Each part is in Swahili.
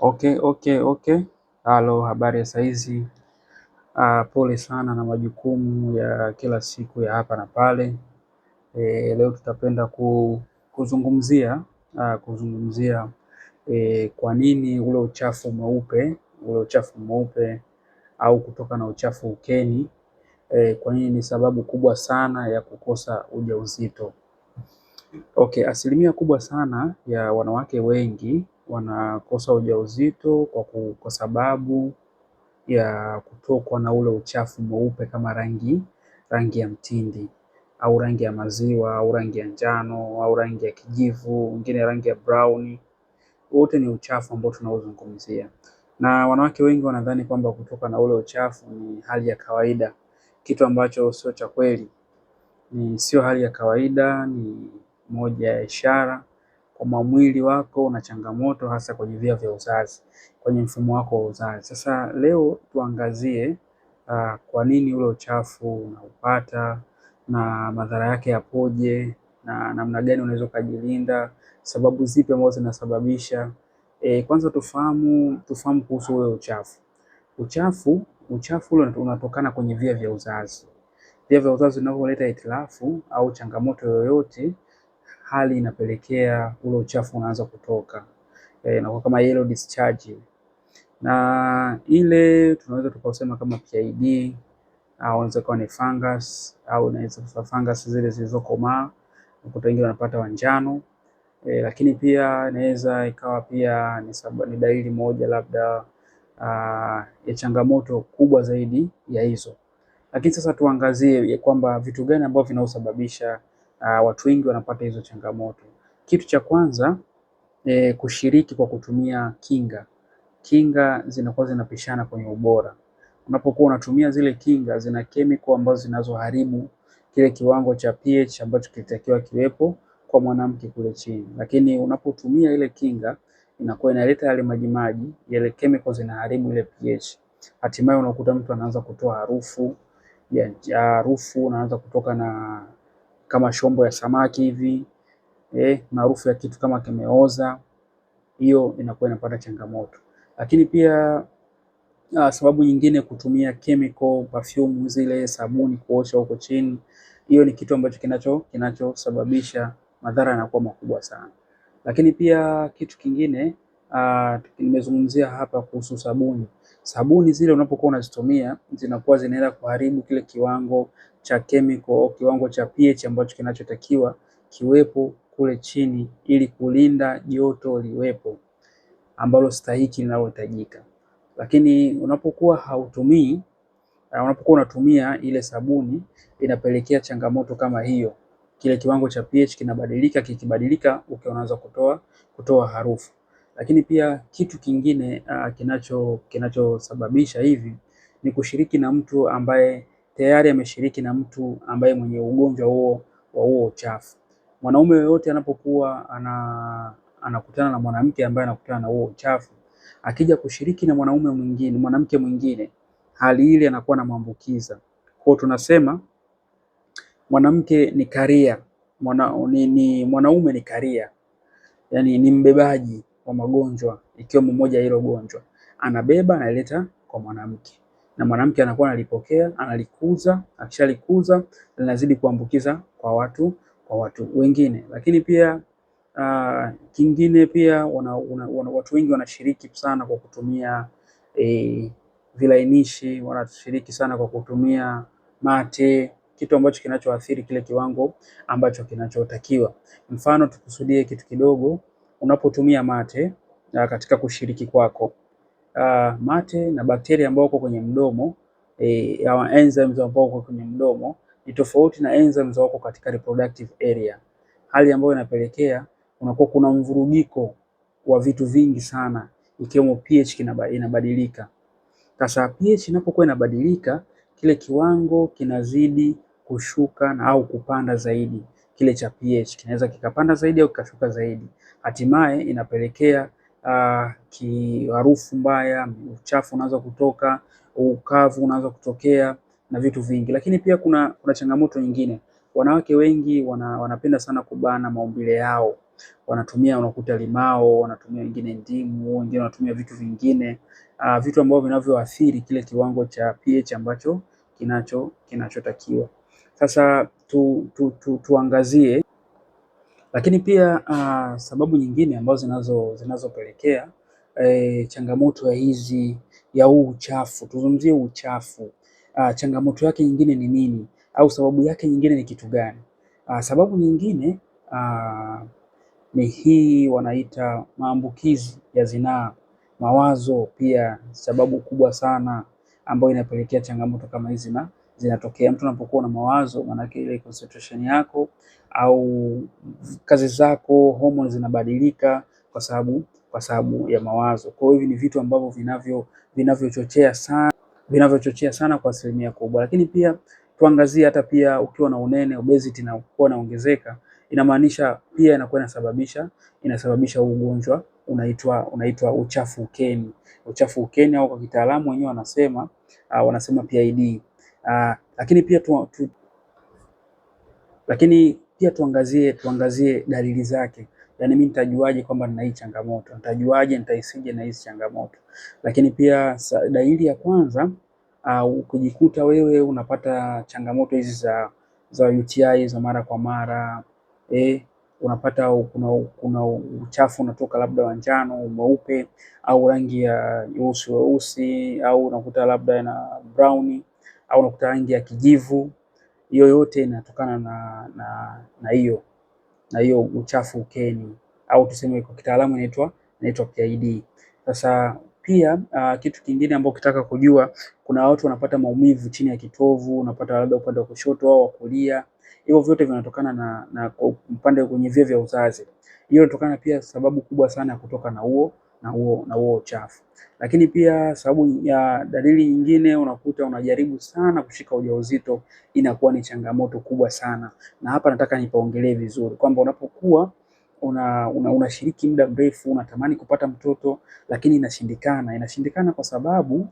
Okay, okay, okay. Halo, habari ya saizi? Ah, pole sana na majukumu ya kila siku ya hapa na pale. E, leo tutapenda ku, kuzungumzia ah, kuzungumzia e, kwa nini ule uchafu mweupe ule uchafu mweupe au kutoka na uchafu ukeni e, kwa nini ni sababu kubwa sana ya kukosa ujauzito. Okay, asilimia kubwa sana ya wanawake wengi wanakosa ujauzito kwa, ku, kwa sababu ya kutokwa na ule uchafu mweupe kama rangi rangi ya mtindi au rangi ya maziwa au rangi ya njano au rangi ya kijivu, wengine rangi ya brown. Wote ni uchafu ambao tunaozungumzia, na wanawake wengi wanadhani kwamba kutoka na ule uchafu ni hali ya kawaida, kitu ambacho sio cha kweli. Ni sio hali ya kawaida, ni moja ya ishara kwamba mwili wako una changamoto hasa kwenye via vya uzazi, kwenye mfumo wako wa uzazi. Sasa leo tuangazie uh, kwa nini ule uchafu unaupata na madhara yake yapoje na namna gani unaweza ukajilinda, sababu zipi ambazo zinasababisha e. Kwanza tufahamu tufahamu kuhusu ule uchafu. Uchafu uchafu ule unatokana kwenye via vya uzazi. Via vya uzazi vinavyoleta hitilafu au changamoto yoyote hali inapelekea ule uchafu unaanza kutoka e, eh, na kama yellow discharge, na ile tunaweza tukausema kama PID au unaweza kuwa ni fungus au inaweza kuwa fungus zile zilizokomaa, ukuta wengine wanapata wanjano e, eh, lakini pia inaweza ikawa pia ni sababu, ni dalili moja labda uh, ya changamoto kubwa zaidi ya hizo. Lakini sasa tuangazie kwamba vitu gani ambavyo vinaosababisha uh, watu wengi wanapata hizo changamoto. Kitu cha kwanza e, kushiriki kwa kutumia kinga. Kinga zinakuwa zinapishana kwenye ubora. Unapokuwa unatumia zile kinga, zina chemical ambazo zinazoharibu kile kiwango cha pH ambacho kilitakiwa kiwepo kwa mwanamke kule chini, lakini unapotumia ile kinga inakuwa inaleta yale majimaji, yale chemicals zinaharibu ile pH. Hatimaye unakuta mtu anaanza kutoa harufu ya harufu, unaanza kutoka na kama shombo ya samaki hivi eh, maarufu ya kitu kama kimeoza, hiyo inakuwa inapata changamoto. Lakini pia uh, sababu nyingine kutumia chemical perfume, zile sabuni kuosha huko chini, hiyo ni kitu ambacho kinacho kinachosababisha madhara yanakuwa makubwa sana. Lakini pia kitu kingine uh, nimezungumzia hapa kuhusu sabuni. Sabuni zile unapokuwa unazitumia zinakuwa zinaenda kuharibu kile kiwango cha chemical kiwango cha pH ambacho kinachotakiwa kiwepo kule chini ili kulinda joto liwepo ambalo stahiki linalohitajika. Lakini unapokuwa hautumii, ah, unapokuwa unatumia ile sabuni inapelekea changamoto kama hiyo, kile kiwango cha pH kinabadilika, kikibadilika unaanza kutoa kutoa harufu. Lakini pia kitu kingine uh, kinacho kinachosababisha hivi ni kushiriki na mtu ambaye tayari ameshiriki na mtu ambaye mwenye ugonjwa huo wa huo uchafu. Mwanaume yoyote anapokuwa ana, anakutana na mwanamke ambaye anakutana na huo uchafu, akija kushiriki na mwanaume mwingine, mwanamke mwingine, hali ile anakuwa anamwambukiza. Kwa tunasema mwanamke ni karia, mwana, ni, ni mwanaume ni karia, yani ni mbebaji kwa magonjwa, ikiwemo moja ya hilo gonjwa, anabeba analeta kwa mwanamke, na mwanamke anakuwa analipokea, analikuza, akishalikuza linazidi kuambukiza kwa watu kwa watu wengine. Lakini pia uh, kingine pia wana, wana, wana, watu wengi wanashiriki sana kwa kutumia eh, vilainishi, wanashiriki sana kwa kutumia mate kitu ambacho kinachoathiri kile kiwango ambacho kinachotakiwa. Mfano tukusudie kitu kidogo unapotumia mate uh, katika kushiriki kwako uh, mate na bakteria ambao uko kwenye mdomo e, eh, au enzymes ambao uko kwenye mdomo ni tofauti na enzymes wako katika reproductive area, hali ambayo inapelekea unakuwa kuna mvurugiko wa vitu vingi sana ikiwemo pH inabadilika. Sasa pH inapokuwa inabadilika, kile kiwango kinazidi kushuka na au kupanda zaidi kile cha pH kinaweza kikapanda zaidi au kikashuka zaidi, hatimaye inapelekea uh, ah, kiharufu mbaya, uchafu unaanza kutoka, ukavu unaanza kutokea na vitu vingi. Lakini pia kuna, kuna changamoto nyingine. Wanawake wengi wana, wanapenda sana kubana maumbile yao, wanatumia unakuta limao, wanatumia wengine ndimu, wengine wanatumia vitu vingine uh, vitu ambavyo vinavyoathiri kile kiwango cha pH ambacho kinacho kinachotakiwa. Sasa tu, tu, tu, tuangazie lakini pia uh, sababu nyingine ambazo zinazo zinazopelekea eh, changamoto ya hizi ya huu uchafu, tuzungumzie uchafu uh, changamoto yake nyingine ni nini au sababu yake nyingine ni kitu gani? Uh, sababu nyingine uh, ni hii wanaita maambukizi ya zinaa. Mawazo pia sababu kubwa sana ambayo inapelekea changamoto kama hizi na zinatokea. Mtu unapokuwa na mawazo, maanake ile concentration yako au kazi zako, homoni zinabadilika kwa sababu kwa sababu ya mawazo. Kwa hiyo hivi ni vitu ambavyo vinavyo vinavyochochea sana vinavyochochea sana kwa asilimia kubwa, lakini pia tuangazie hata pia ukiwa na unene obesity na kuwa naongezeka, inamaanisha pia inakuwa inasababisha inasababisha ugonjwa unaitwa unaitwa uchafu ukeni, uchafu ukeni au kwa kitaalamu wenyewe wanasema uh, wanasema PID. Uh, lakini pia tu, tu, lakini pia tuangazie tuangazie dalili zake. Yaani mimi nitajuaje kwamba nina hii changamoto? Nitajuaje nitaisije na hizi changamoto? Lakini pia dalili ya kwanza uh, kujikuta wewe unapata changamoto hizi za za UTI za mara kwa mara eh, unapata kuna, kuna uchafu unatoka labda wa njano mweupe au rangi ya nyeusi weusi au unakuta labda na brownie au unakuta rangi ya kijivu. Hiyo yote inatokana na hiyo na hiyo uchafu ukeni, au tuseme kwa kitaalamu inaitwa inaitwa PID. Sasa pia uh, kitu kingine ambacho ukitaka kujua, kuna watu wanapata maumivu chini ya kitovu, unapata labda upande wa kushoto au wa kulia. Hivyo vyote vinatokana na, na upande kwenye via vya uzazi. Hiyo inatokana pia, sababu kubwa sana ya kutoka na huo na huo na huo uchafu. Lakini pia sababu ya dalili nyingine, unakuta unajaribu sana kushika ujauzito, inakuwa ni changamoto kubwa sana, na hapa nataka nipaongelee vizuri kwamba unapokuwa unashiriki una, una muda mrefu unatamani kupata mtoto lakini inashindikana. Inashindikana kwa sababu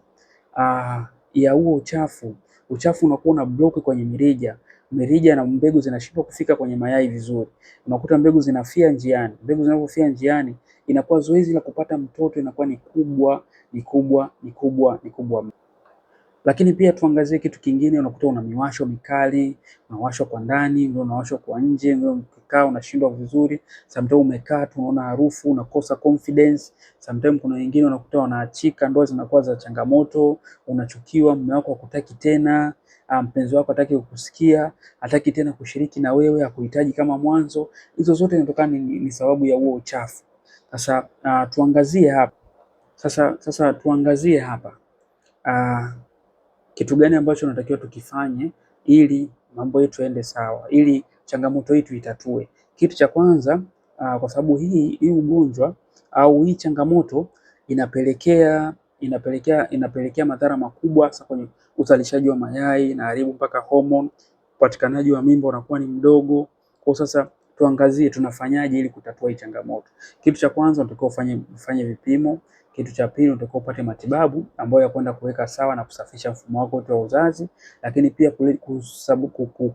uh, ya huo uchafu. Uchafu unakuwa una block kwenye mirija, mirija na mbegu zinashindwa kufika kwenye mayai vizuri, unakuta mbegu zinafia njiani. Mbegu zinapofia njiani, inakuwa zoezi la kupata mtoto inakuwa ni kubwa ni kubwa ni kubwa ni kubwa. Lakini pia tuangazie kitu kingine, unakuta una miwasho mikali, unawashwa kwa ndani, ndio unawashwa kwa nje, ndio ukikaa unashindwa vizuri. Sometimes umekaa tu unaona harufu, unakosa confidence. Sometimes kuna wengine unakuta wanaachika, ndoa zinakuwa za changamoto, unachukiwa, mume wako hakutaki tena. Ah, mpenzi wako hataki kukusikia, hataki tena kushiriki na wewe, hakuhitaji kama mwanzo. Hizo zote zinatokana ni, ni sababu ya huo uchafu. Sasa uh, tuangazie hapa sasa, sasa tuangazie hapa uh, kitu gani ambacho unatakiwa tukifanye ili mambo yetu yaende sawa, ili changamoto hii tuitatue. Kitu cha kwanza uh, kwa sababu hii hii ugonjwa au hii changamoto inapelekea inapelekea inapelekea madhara makubwa hasa kwenye uzalishaji wa mayai, inaharibu mpaka homoni, upatikanaji wa mimba unakuwa ni mdogo. Kwa sasa tuangazie tunafanyaje ili kutatua hii changamoto. Kitu cha kwanza unatakiwa ufanye ufanye vipimo. Kitu cha pili unatakiwa upate matibabu ambayo kwenda kuweka sawa na kusafisha mfumo wako wote wa uzazi, lakini pia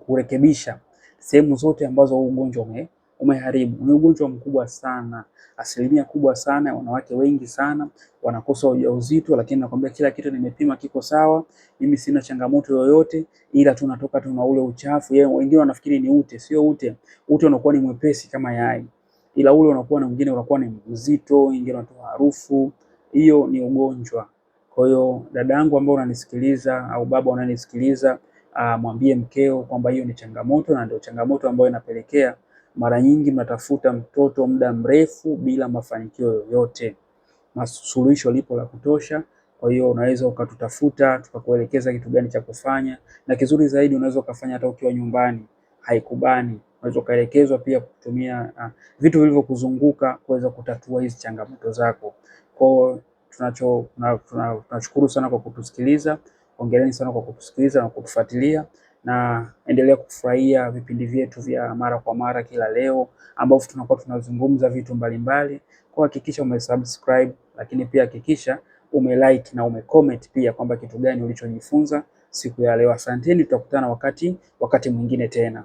kurekebisha sehemu zote ambazo ugonjwa ume umeharibu. Ni ugonjwa mkubwa sana, asilimia kubwa sana, wanawake wengi sana wanakosa ujauzito, lakini nakwambia kila kitu nimepima kiko sawa, mimi sina changamoto yoyote, ila tunatoka tuna ule uchafu. Yeye wengine wanafikiri ni ute, sio ute. Ute unakuwa ni mwepesi kama yai, ila ule unakuwa na mwingine unakuwa ni mzito, wengine unatoa harufu. Hiyo ni ugonjwa. Kwa hiyo dadangu, ambaye unanisikiliza au baba unanisikiliza, ah, mwambie mkeo kwamba hiyo ni changamoto na ndio changamoto ambayo inapelekea mara nyingi mnatafuta mtoto muda mrefu bila mafanikio yoyote. Masuluhisho lipo la kutosha. Kwa hiyo unaweza ukatutafuta tukakuelekeza kitu gani cha kufanya, na kizuri zaidi unaweza ukafanya hata ukiwa nyumbani, haikubani. Unaweza ukaelekezwa pia kutumia uh, vitu vilivyokuzunguka kuweza kutatua hizi changamoto zako. tunacho tunashukuru sana kwa kutusikiliza. Hongereni sana kwa kutusikiliza na kutufuatilia na endelea kufurahia vipindi vyetu vya mara kwa mara kila leo, ambapo tunakuwa tunazungumza vitu mbalimbali. Kwa hakikisha umesubscribe, lakini pia hakikisha umelike na umecomment pia kwamba kitu gani ulichojifunza siku ya leo. Asanteni, tutakutana wakati wakati mwingine tena.